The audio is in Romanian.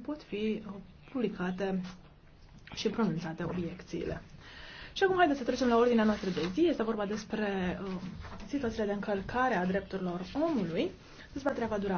pot fi uh, publicate și pronunțate obiecțiile. Și acum haideți să trecem la ordinea noastră de zi. Este vorba despre uh, situațiile de încălcare a drepturilor omului. Dezbaterea va dura